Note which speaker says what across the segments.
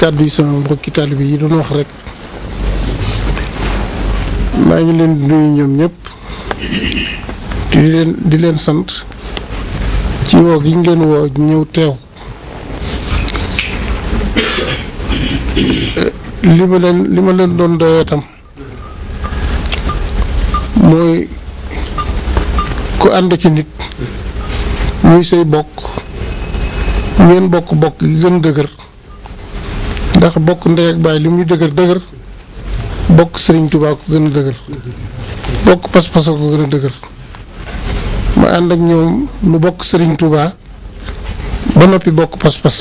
Speaker 1: kàddu yi sama mbokki taalibe yi doon wax rek maa ngi leen di nuyu ñoom ñëpp di leen di leen sant ci woo gi ngeen woo ñëw teew li ma leen doon doyee tam mooy ku ànd ci nit muy say bokk ngeen bokk bokk gi gën dëgër ndax bokk ndey ak bay li muy dëgër dëgër bokk Serigne Touba ko gën a dëgër bokk pas-pas ko gën a ma ànd ak ñoom nu bokk Serigne Touba ba noppi bokk pas-pas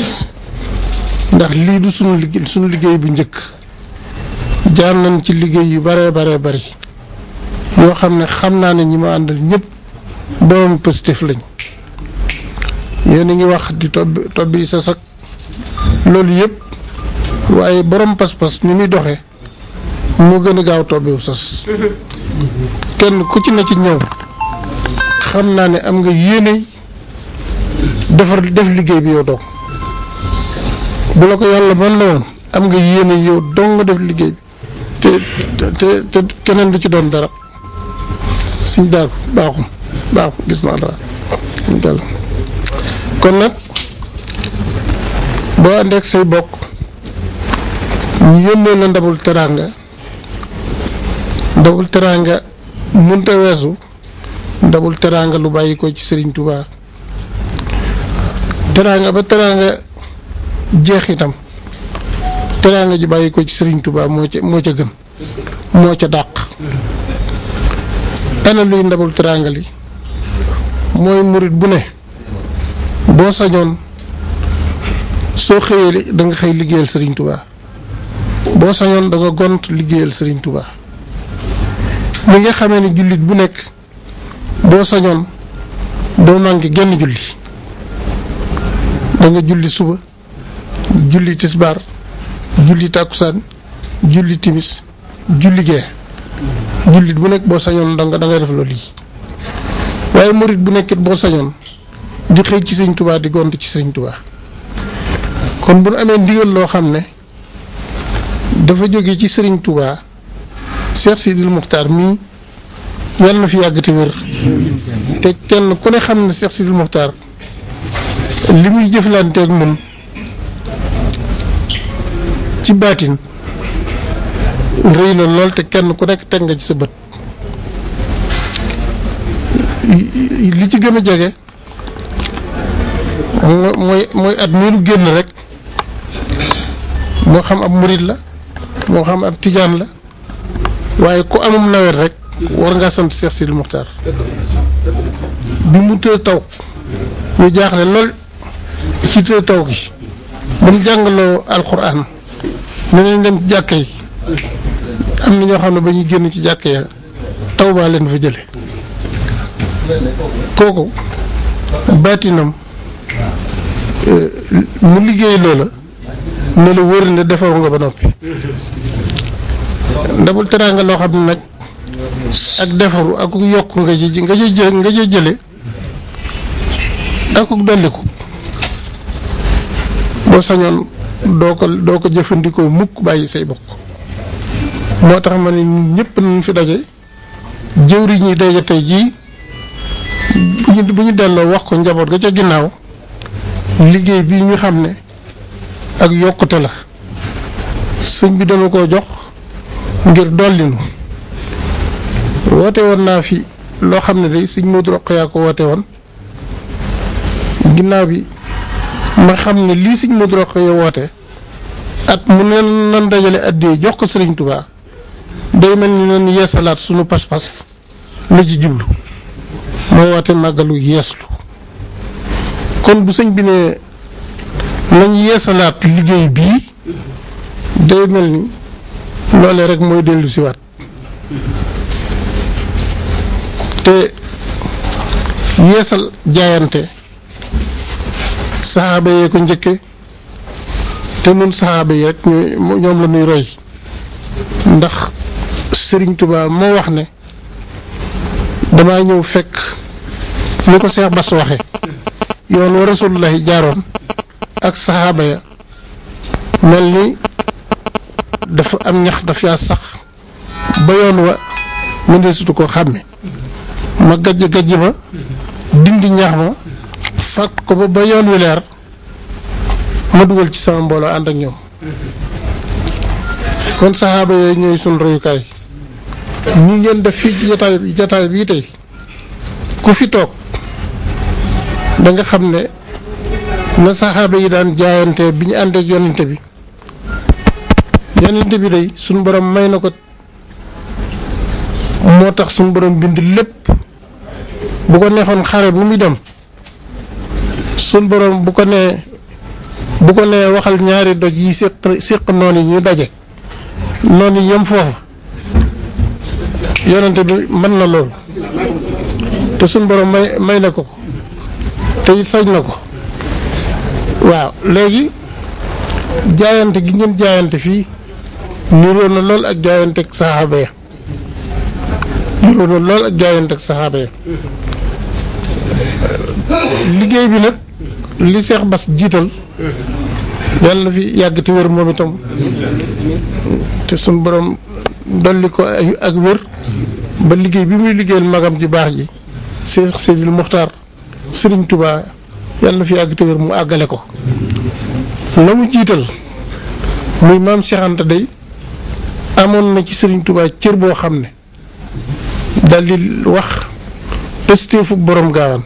Speaker 1: ndax lii du sunu liggéey sunu liggéey bu njëkk jaar nañ ci liggéey yu bare bare bari yoo xam ne xam naa ne ñi ma àndal ñëpp borom positif lañ yéen a ngi wax di tobbi tobbi sa sag loolu yëpp waaye borom pas-pas ni muy doxee moo gën a gaaw tobbiw sas kenn ku ci na ci ñëw xam naa ni am nga yéene defar def liggéey bi yow dong bu la ko yàlla mën la woon am nga yéene yow dong def liggéey bi te te te keneen du ci doon dara suñ daal baaxum baaxum gis naa dara suñ daal kon nag boo àndeek say bokk ñu yónnee la ndabul teraanga ndabul teraanga mënta weesu ndabul teraanga lu bàyyi ko ci Sëriñ Tuubaa teraanga ba teraanga jeex itam teraanga ji bàyyi ko ci Sëriñ Tuubaa moo ca moo ca gën moo ca dàq ana luy ndabul teraanga li mooy murit bu ne boo sañoon soo xëyee danga xëy liggéeyal Sëriñ Tuubaa boo sañoon da gont liggéeyal Serigne Touba li nga xamee ne jullit bu nekk boo sañoon doo manqué genn julli da nga julli suba julli tisbaar julli tàkkusaan julli timis julli gee jullit bu nekk boo sañoon da nga def loolu yi waaye murit bu nekkit boo sañoon di xëy ci Serigne Touba di gont ci Serigne Touba kon bu nu amee ndigal loo xam ne. dafa jóge ci sëriñ Touba Cheikh lu Muxtaar mii yàlla na fi yàgg te wér te kenn ku ne xam na ne Cheikh Sidil Muxtaar li muy jëflanteeg moom ci baatin rëy na lool te kenn ku nekk teg nga ci sa bët li ci gën a jege mooy mooy at miinu génn rek moo xam ab murit la moo xam ab tijaan la waaye ku amum nawet rek war ngaa sant Cheikh Sidil Muxtaar bi mu tëye taw ñu jaaxle lool ci tëye taw gi ba mu jàngaloo alxuraan ne leen dem ci am na ñoo xam ne ba ñuy génn ci jàkka ya taw baa leen fa jële kooku baatinam euh, mu liggéey loola ne la wër ne defaru nga ba noppi ndabul teraanga loo xam ne nag ak defaru ak yokk nga nga ci jë nga ci jële ak dolliku boo sañoon doo ko doo ko jëfandikoo mukk bàyyi say bokk moo tax ma ne ñëpp nañ fi daje jëwriñ ñi daje tey jii bu ñu bu ñu delloo wax ko njaboot ga ca ginnaaw liggéey bii ñu xam ne ak yokkute la sëñ bi dama koo jox ngir dollinu woote woon naa fi loo xam ne day sëñ Modou Rokhaya ko woote woon ginnaaw bi ma xam ne lii sëñ Modou Rokhaya woote at mu ne nan dajale addee jox ko sëriñ Tubaa day mel ni nan yeesalaat sunu pas-pas la ci jublu moo woote màggalu yeeslu kon bu sëñ bi ne nañ yeesalaat liggéey bii day mel ni loolee rek mooy dellusiwaat si te yeesal jaayante saxaaba yee ko njëkke te nun saxaaba yi rek ñoom la ñuy roy ndax Sëriñ Tuubaa moo wax ne damaa ñëw fekk ni ko Seex Bas waxe yoon wa rasulullahi jaaroon ak sahaba ya melni dafa am ñax daf ya sax ba yoon wa mu ne sutu ko xamé ma gajj gajj ba dindi ñax ba fàq ko ba ba yoon wi leer ma duggal ci sama mbolo and ak ñoom kon sahaba ye ñoy sun kay ñi ngeen def jotaay bi jotaay bi tay ku fi tok da nga na saxaaba yi daan jaayante bi ñu ànd ak yonent bi yonent bi day suñ borom may na ko moo tax suñ borom bind lépp bu ko neexoon xare bu muy dem suñ borom bu ko nee bu ko nee waxal ñaari doj yi séq séq noonu yi ñu daje noonu yem foofa yonent bi mën na loolu te suñ borom may may na ko ko te it sañ na ko waaw léegi jaayante gi ngeen jaayante fii niroo na lool ak jaayante ak saxaaba ya niroo na liggéey bi nag li Seex Bas jiital yàlla na fi yàgg te wér moom itam te suñ borom dolli ko ak wér ba liggéey bi muy liggéeyal magam ji baax ji Seex Seydil Muxtaar Sëriñ Tubaa yàlla na fi yàgg te mu àggale ko la mu jiital muy maam Cheikh Anta day amoon na ci Serigne Touba cër boo xam ne dal di wax pësteefu borom gaawaan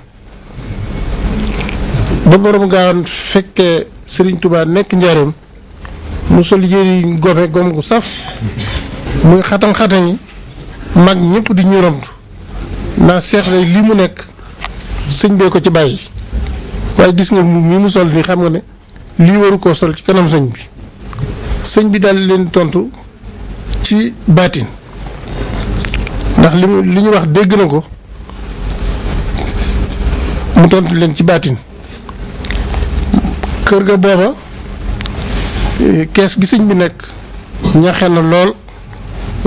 Speaker 1: ba borom gaawaan fekkee Serigne Touba nekk njaareem mu sol yére yi gome gom gu saf muy xatan xatan yi mag ñépp di ñu romb naa seex day li mu nekk sëñ bee ko ci bàyyi waaye gis nga mi mu sol nii xam nga ne lii waru koo sol ci kanam sëñ bi sëñ bi daal leen tontu ci baatin ndax li mu li ñu wax dégg na ko mu tontu leen ci baatin kër ga booba eh, kees gi sëñ bi nekk ñaxe na lool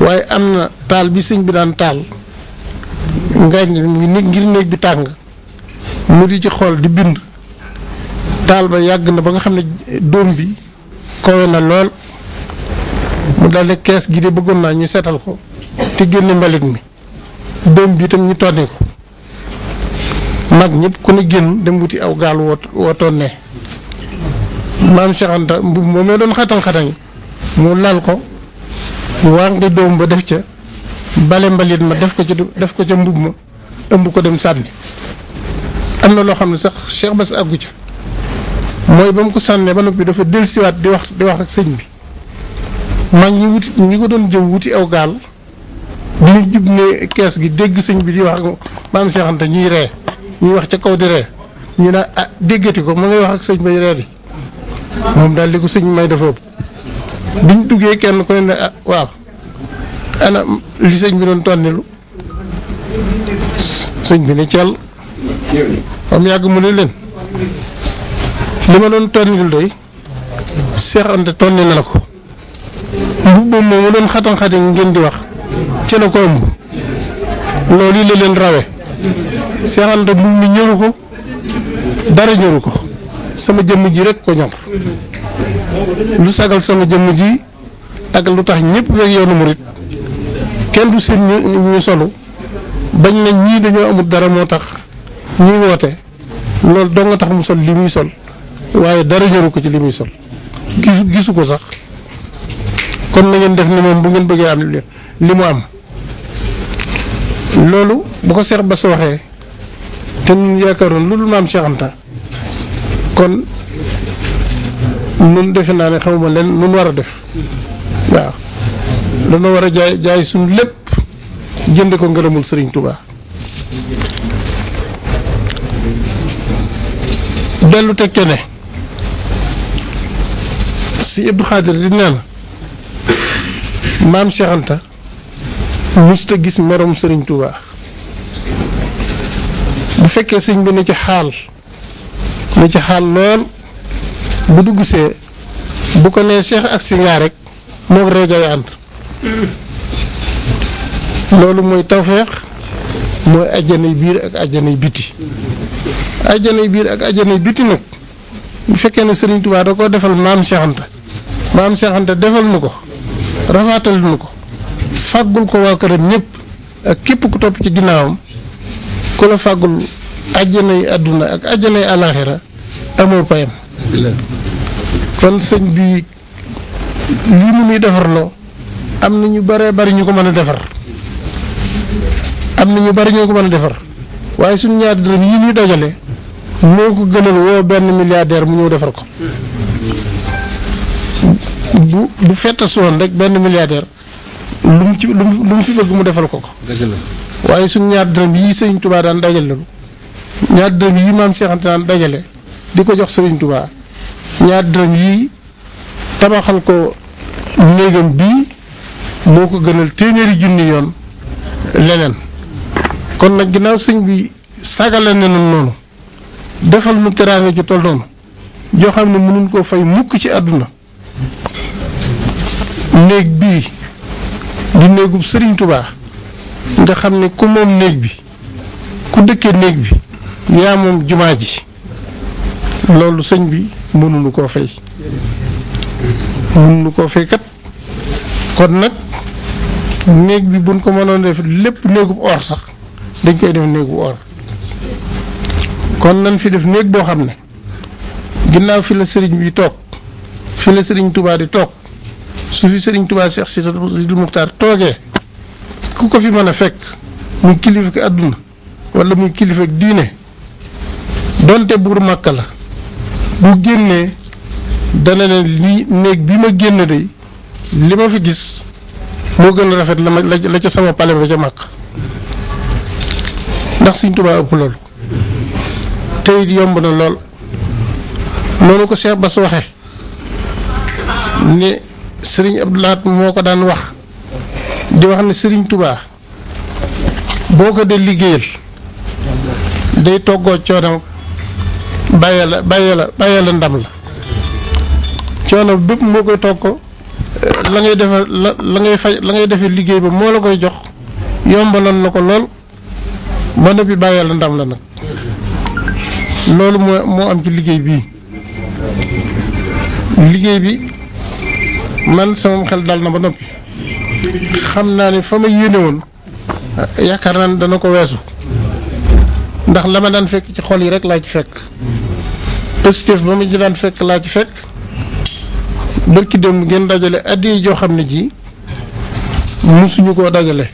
Speaker 1: waaye am na taal bi sëñ bi daan taal ngaañ ngi néeg bi tàng mu di ci xool di bind taal ba yàgg na ba nga xam ne dóom bi kowe na lool mu daldi kees gi de bëggoon naa ñu seetal ko te génne mbalit mi dóom bi itam ñu tonni ko mag ñépp ku ne génn dem wuti aw gaal woo wootoon ne maam Cheikh Anta mbub moom mee doon xatal xatañ mu lal ko waa ngi doom ba def ca bale mbalit ma def ko ca def ko ca mbub ma ëmb ko dem sànni am na loo xam ne sax Cheikh Bass àggu ca moy bam ko sanne ba noppi dafa wat di wax di wax ak señ bi mag ñi wuti ñi ko doon jëw wuti aw gal bi ñu jub ne kees gi deg señ bi di wax ak maam Cheikh Anta ñuy ree ñuy wax ci kaw di ré ñi na ah ko mu ngay wax ak señ bay ré di mom dal li ko sëñ may dafa biñ duggé kenn ko ne ah, waaw ana li señ bi doon tonelu señ bi ne ciel am yag mu ne leen li ma doon tonnil doy Seex Anta ne na la ko mbubb moom mu doon xatan xati ngeen di wax ci la ko ëmb loolu yi la leen rawe Seex Anta mbubb ñëru ko dara ñëru ko sama jëmm ji rek ko ñor lu sagal sama jëmm ji ak lu tax ñëpp rek yoonu murit kenn du seen ñu solu bañ na ñii dañoo amul dara moo tax ñuy woote loolu doo nga tax mu sol li muy sol waye dara jaru ko ci limuy sol gisu gisu ko sax kon na ngeen def ni mom bu ngeen bëggee am li mu am loolu bu ko waxee te ñun yaakaaroon Cheikh Anta kon nun defe naa ne xawma leen nun war a def waaw dana war a jaay jaay suñ lépp jënd ko ngërëmul Serigne Touba dellu teg si Abdou Khadir di nee na maam Cheikh Anta musta gis merom Serigne Touba bu fekkee sëñ bi ne ci xaal ne ci xaal lool bu duggsee bu ko nee Cheikh ak si ngaa rek moom reejoy ànd loolu mooy tawfeex mooy ajjanay biir ak ajjanay biti ajjanay biir ak ajjanay biti nag bu fekkee ne Serigne Touba da koo defal maam Cheikh Anta maam Cheikh Anta defal nu ko rafaatal nu ko fàggul ko waa këram ñëpp ak képp ku topp ci ginnaawam ku la fàggul àjjanay àdduna ak àjjanay alaaxira amoo payam kon sëñ bi lii mu nuy defarloo am na ñu bëree bëri ñu ko mën a defar am na ñu bëri ñoo ko mën a defar waaye suñu ñaar dërëm yi ñuy dajale moo ko gënal woo benn milliardaire mu ñëw defar ko bu bu fettas woon rek benn milliardaire lu mu ci lu mu fi bëgg mu defal ko ko. waaye suñ ñaar dërëm yii sëriñ Touba daan dajale ñaar dërëm yii maam Cheikh daan dajale di ko jox sëriñ Touba ñaar dërëm yii tabaxal ko néegam bii moo ko gënal téeméeri junni yoon leneen kon nag ginnaaw sëñ bi sagale na noonu. defal nu teraanga ju tol noonu joo ne mënuñ koo fay mukk ci àdduna néeg bi di néegub sëriñ tubaa nga xam ne ku moom néeg bi ku dëkkee néeg bi yaa moom jumaa ji loolu sëñ bi mënuñu koo fay mënuñu koo fay kon nag néeg bi buñ ko mënoon def lépp néegub or sax dañ koy def néegub or kon nan fi def néeg boo xam ne ginnaaw fi la sëriñ bi toog fi la sëriñ tubaa di toog su fi sëriñ tubaa Cheikh Sidil Muxtaar toogee ku ko fi mën a fekk muy kilifa àdduna walla muy kilifa diine donte buur màkk la bu génnee dana ne li néeg bi ma génn de li ma fi gis moo gën a rafet la ma la ca sama pale ba ca màkk ndax sëriñ tubaa ëpp loolu teyit yomb na lool noonu ko ba Bass waxe ne sëriñ Abdou Lahad moo ko daan wax di wax ne sëriñ Touba boo ko dee liggéeyal day toggoo coono bàyyee la bàyyee la bàyyee la ndam la coono bépp moo koy togg eh, la ngay defee la ngay faj la ngay defee liggéey ba moo la koy jox yombalan la ko lool ba noppi bàyyee la ndam la nag loolu moo moo am ci liggéey bii liggéey bi man sama xel dal na ba noppi xam naa ne fa ma yéene woon yaakaar naa ni dana ko weesu ndax la ma daan fekk ci xol yi rek laa ci fekk positif ba ma ci daan fekk laa ci fekk bërki dem ngeen dajale addiya joo xam ne ji musuñu koo dajale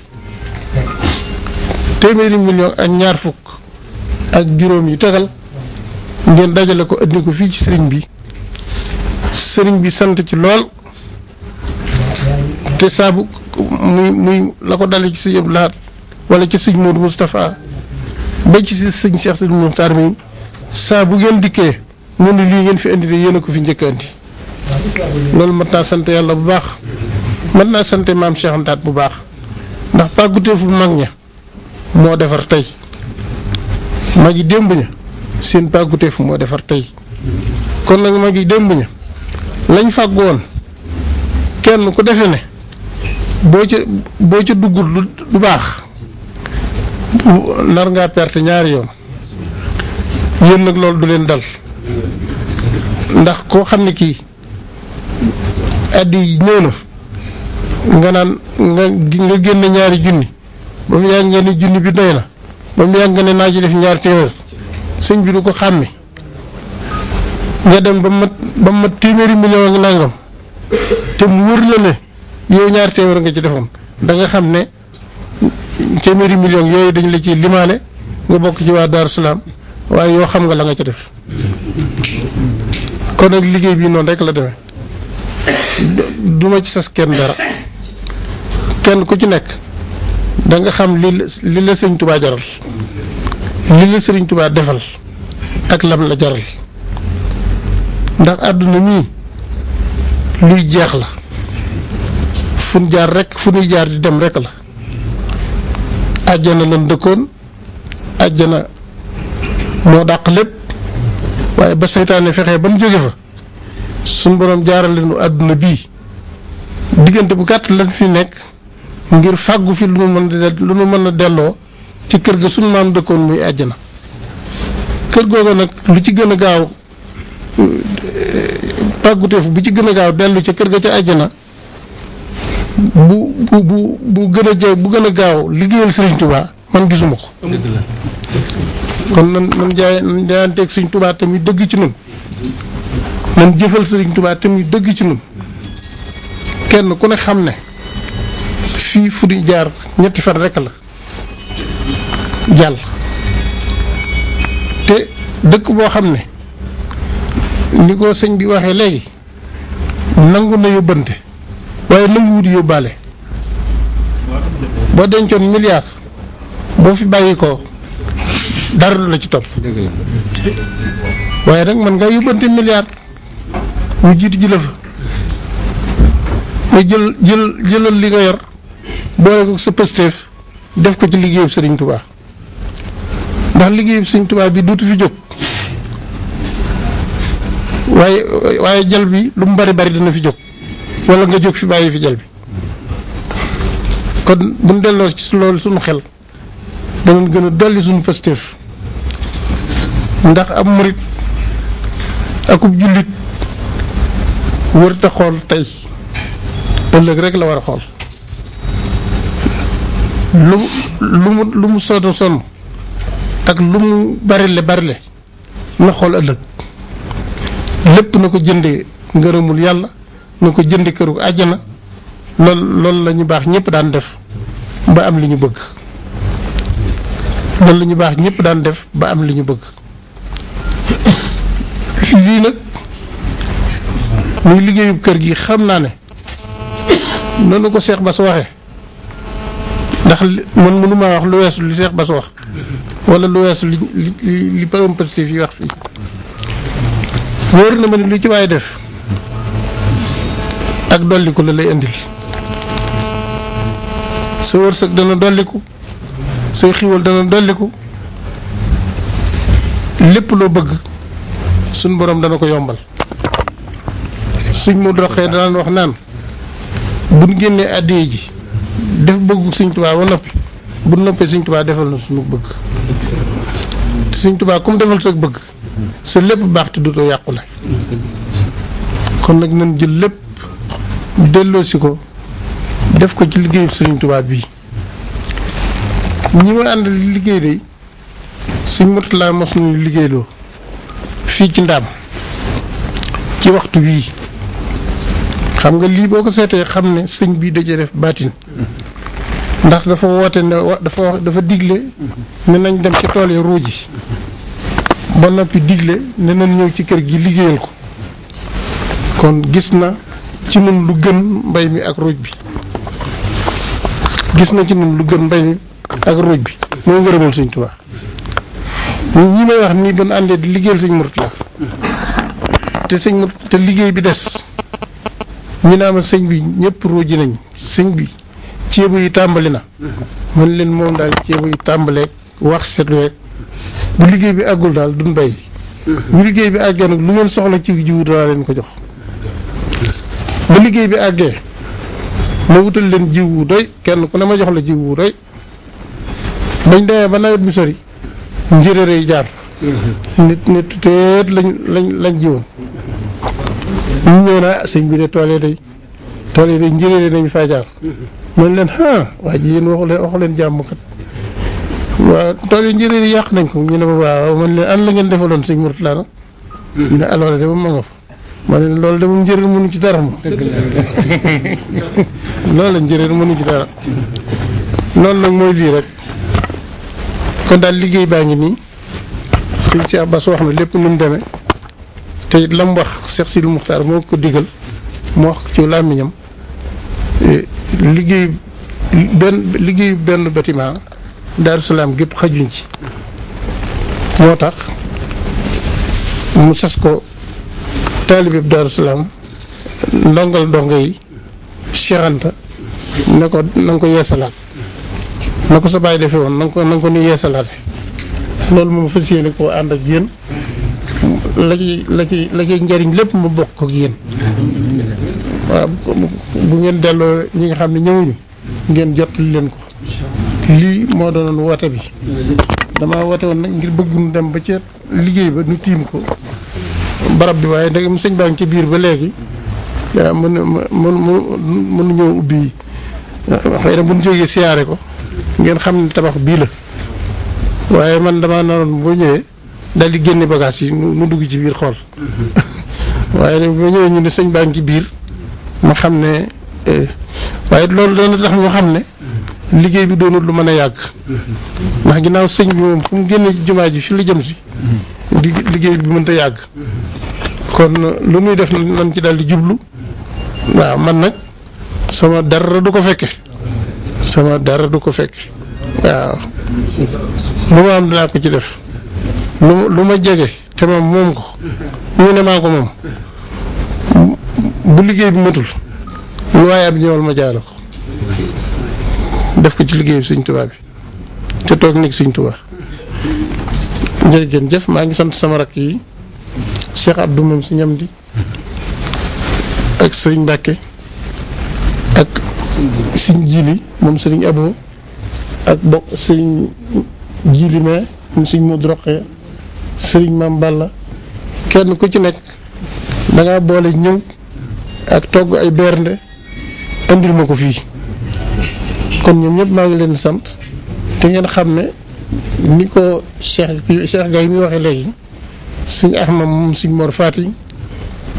Speaker 1: téeméeri million ak ñaar fukk ak juróom yu tegal ngeen dajale ko indi ko fii ci sëriñ bi sëriñ bi sant ci lool te saabu muy muy la ko dale ci sëñ Abdou Lahad wala ci sëñ Modou Moustapha ba ci si sëñ Cheikh Sidi Mokhtar mi saa bu ngeen dikkee mu ne lii ngeen fi indi de yéen ko fi njëkk andi loolu mat naa sant yàlla bu baax mat naa sant maam Cheikh bu baax ndax pàgguteefu mag ña moo defar tey mag ngi démb ña seen pàgguteef moo defar tey kon nag mag yi démb ña lañ fàggoon kenn ku defe ne boo ca boo ca duggul du baax nar ngaa perte ñaari yoon yéen nag loolu du leen dal ndax koo xam ne kii addi ñëw na nga naan nga nga génne ñaari junni ba mu yàgg nga ne junni bi doy na ba mu yàgg nga ne naa ci def ñaar téeméer sëñ bi du ko xàmme nga dem ba mat ba mat téeméeri million ak nangam te mu wër la ne yow ñaar téeméer nga ci defoon da xam ne téeméeri million yooyu dañ la ci limaale nga bokk ci waa Daaru waaye yoo xam nga la nga ci def kon nag liggéey bi noonu rek la demee du ma ci sas kenn dara kenn ku ci nekk da nga xam li li la sëñ Tuubaa li la Sëriñ Tuubaa defal ak lam la jaral ndax àdduna mii luy jeex la fu jaar rek fu ñuy jaar di dem rekk la àjjana lan dëkkoon àjjana moo dàq lépp waaye ba seytaane fexe ba mu jóge fa suñ boroom jaarale nu àdduna bii diggante bu gàtt lan fi nekk ngir fàggu fi lu nu mën lu mën a delloo ci kër ga suñu maam dëkkoon muy àjjana kër googa nag lu ci gën a gaaw pàgguteef eh, bu ci gën a gaaw dellu ca kër ga ca àjjana bu bu bu bu gën a jaw bu gën a gaaw liggéeyal Sëriñ tubaa man gisuma ko kon nan nan jaay nan jaayanteeg Sëriñ Tuubaa te dëgg ci nun nan jëfal Sëriñ tubaa te muy dëgg ci nun kenn ku ne xam ne fii fu di jaar ñetti fan rekk la jàll te dëkk boo xam ne ni ko sëñ bi waxee léegi nangu na yóbbante waaye nangu wut yóbbaale boo dencoon milliard boo fi bàyyi ko dara du la ci topp waaye nag mën nga yóbbante milliard mu jiit ji la fa nga jël jël jëlal li nga yor boole ko sa pësteef def ko ci liggéeyub Sëriñ Tuubaa ndax liggéey Sëñ Tuubaa bi dootu fi jóg waaye waaye jal bi lu mu bari bari dina fi jóg wala nga jóg fi bàyyi fi jal bi kon mu ñu delloo ci loolu suñu xel danañ gën a dolli suñu pastéef ndax am marit akub jullit wërta xool tey ëllëg rek la war a xool lu lu mu lu mu sonn sonn ak lu mu bari barile na xool ëllëg lépp na ko jëndee ngërëmul yàlla na ko jënde këru àjjana lool loolu la ñu baax ñëpp daan def ba am li ñu bëgg loolu la ñu baax ñëpp daan def ba am li ñu bëgg lii nag muy liggéeyub kër gi xam naa ne noonu ko ba su waxee ndax man maa wax lu weesu li Seex Bass wax wala lu weesu li li li parom Pastef yi wax fii wóor na ma ne lu ci waaye def ak dolliku la lay indil sa wërsëg dana dolliku say xiwal dana dolliku lépp loo bëgg suñ boroom dana ko yombal suñ mu doxee daan wax naan buñ génnee àddee ji def bëggu Sëñ Tuubaa ba noppi bu noppee Sëñ Tuubaa defal na suñu bëgg Sëñ Tuubaa comme defal sa bëgg sa lépp baax te dootoo yàqu la kon nag nañ jël lépp delloosi ko def ko ci liggéeyu Sëñ tubaab bii ñi ma àndal liggéey day Sëñ Murtala mos nañu liggéeyloo fii ci ndaam ci waxtu wii xam nga lii boo ko seetee xam ne sëñ bii dajee def baatin ndax dafa woote ne dafa digle ne nañ dem ci tool yi ba noppi digle ne nañ ñëw ci kër gi liggéeyal ko kon gis na ci nun lu gën mbay mi ak ruuj bi gis na ci nun lu gën mbay mi bi mooy ngërëmal Sëñ Tuubaa ñi may wax nii doon àndee di liggéeyal Sëñ Murtala te sëñ te liggéey bi des ñu naa ma sëñ bi ñëpp ruuji nañ sëñ bi ceebu yi tàmbali na
Speaker 2: mm-hmm.
Speaker 1: mën leen moom daal ceebu yi tàmbaleeg wax set weeg bu liggéey bi àggul daal duñ bay mm-hmm. bu liggéey bi àggee nag lu ngeen soxla ci jiwu danaa leen ko jox ba liggéey bi àggee ma wutal leen jiw wu doy kenn ku ne ma jox la jiw wu doy bañ demee ba bi sori njëréer yi jaar mm-hmm. nit nit teet lañ lañ lañ jiwoon ñu ñëw naa sëñ bi de tool yi day yi day njëréer nañ faa jaar mën leen ah waa ji yéen waxu leen waxu leen jàmm kat waaw tool yi yàq nañ ko ñu ne ma waaw man leen an la ngeen defaloon si mu nag ñu ne alors de moom ma loolu de moom mënu ci dara moom la njëriñ mënu ci dara loolu nag mooy lii rek kon daal liggéey baa ngi nii si Cheikh Bass wax na lépp nu mu demee te it la mu wax Cheikh Sidou Moukhtar moo ko digal moo wax ci làmmiñam Eh, liggéey benn liggéey benn bâtiment Daaru Salaam gépp xajuñ ci moo tax mu sas ko taalibib Daaru Salaam ndongal ndongo yi Cheikh Anta ne ko na ko yeesalaat na ko sa bàyyi defee woon na ko na nga loolu moom fas yéene koo ànd ak yéen la ci la ci la ci njariñ lépp mu bokk ak yéen waaw bu ngeen delloo ñi nga xam ne ñëwuñu ngeen jottali leen ko lii moo doonoon woote bi dama woote woon nag ngir bëgg dem ba ca liggéey ba nu tiim ko barab bi waaye ndegam sëñ baa ngi ci biir ba léegi waaw mën mën mënu ñëw ubbi xëy na siyaare ko ngeen xam ne tabax bii la waaye man dama naroon boo ñëwee daal di génne bagage yi nu dugg ci biir xool waaye bu ñëwee ñu ne sëñ baa ngi ci biir ma xam ne eh, waaye loolu dana tax ñu xam ne liggéey bi doonul lu mën a yàgg ndax ginnaaw sëñ bi moom fu mu génnee ci jumaa ji fi la jëm si di liggéey bi mënta yàgg kon lu muy def nañ ci daal di jublu waaw man nag sama dara du ko fekke sama dara du ko fekke waaw lu ma am dinaa ko ci def lu lu ma jege te moom moom ko ñu ne ko moom bu liggéey bi matul lu waaye bi ñëwal ma jaale ko def ko ci liggéey bi sëñ Tuubaa bi te toog nekk sëñ Tuubaa jërëjëf jëf maa ngi sant sama rak yi Cheikh Abdou moom si ñam di ak sëriñ Mbàkke ak sëriñ Jili moom sëriñ Abo ak bok sëriñ Jili ma moom sëriñ Modou droxe sëriñ Maam Balla kenn ku ci nekk da ngaa boole ñëw ak togg ay bernde indil ma ko fii kon ñoom ñëpp maa ngi leen sant te ngeen xam ne ni ko Cheikh Cheikh Gaye mi waxee léegi sëñ Ahmad moom sëñ Mor Fati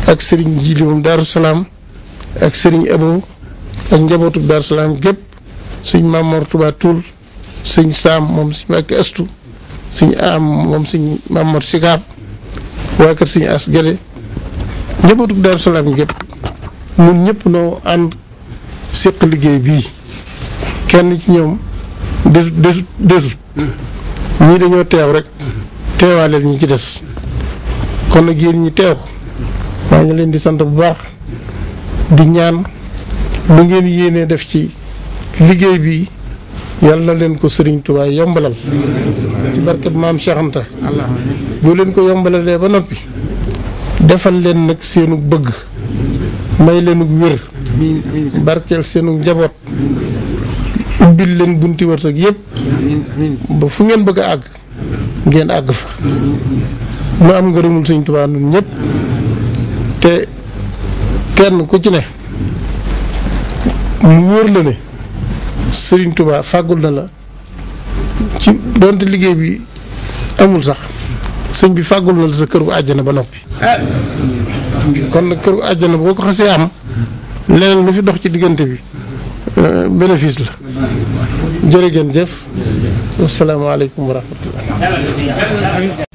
Speaker 1: ak sëriñ Jili moom Daaru Salaam ak sëriñ Abo ak njabootu Daaru Salaam gépp sëñ Mamor Touba Toul sëñ Saam moom sëñ Mbàkke Astu sëñ Am moom sëñ Mamor waa kër sëñ As Gede njabootu Daaru gépp ñun ñépp noo ànd séq liggéey bii kenn ci ñoom desut desut desut ñii dañoo teew rek teewaaleel ñi ci des kon nag yéen ñi teew maa ngi leen di sant bu baax di ñaan lu ngeen yéenee def ci liggéey bi yàlla leen ko sëriñ Tuubaa yombalal ci barkeb maam Cheikh Anta boo leen ko yombalalee ba noppi defal leen nag seenu bëgg may leenug wér barkeel seenug njaboot ubbil leen bunti wërsëg yëpp ba fu ngeen bëgg a àgg ngeen àgg fa mu am ngërëmul Sëñ Tuubaa nun ñëpp te kenn ku ci ne mu wóor la ne Sëriñ fàggul na la ci doonte liggéey bi amul sax sëñ bi fàggul na la sa kër gu àjjana ba noppi kon nag këru àjjana boo ko xasee am leneen lu fi dox ci diggante bi euh, bénéfice la jërë ngeen jëf asalaamaaleykum wa
Speaker 2: rahmatullah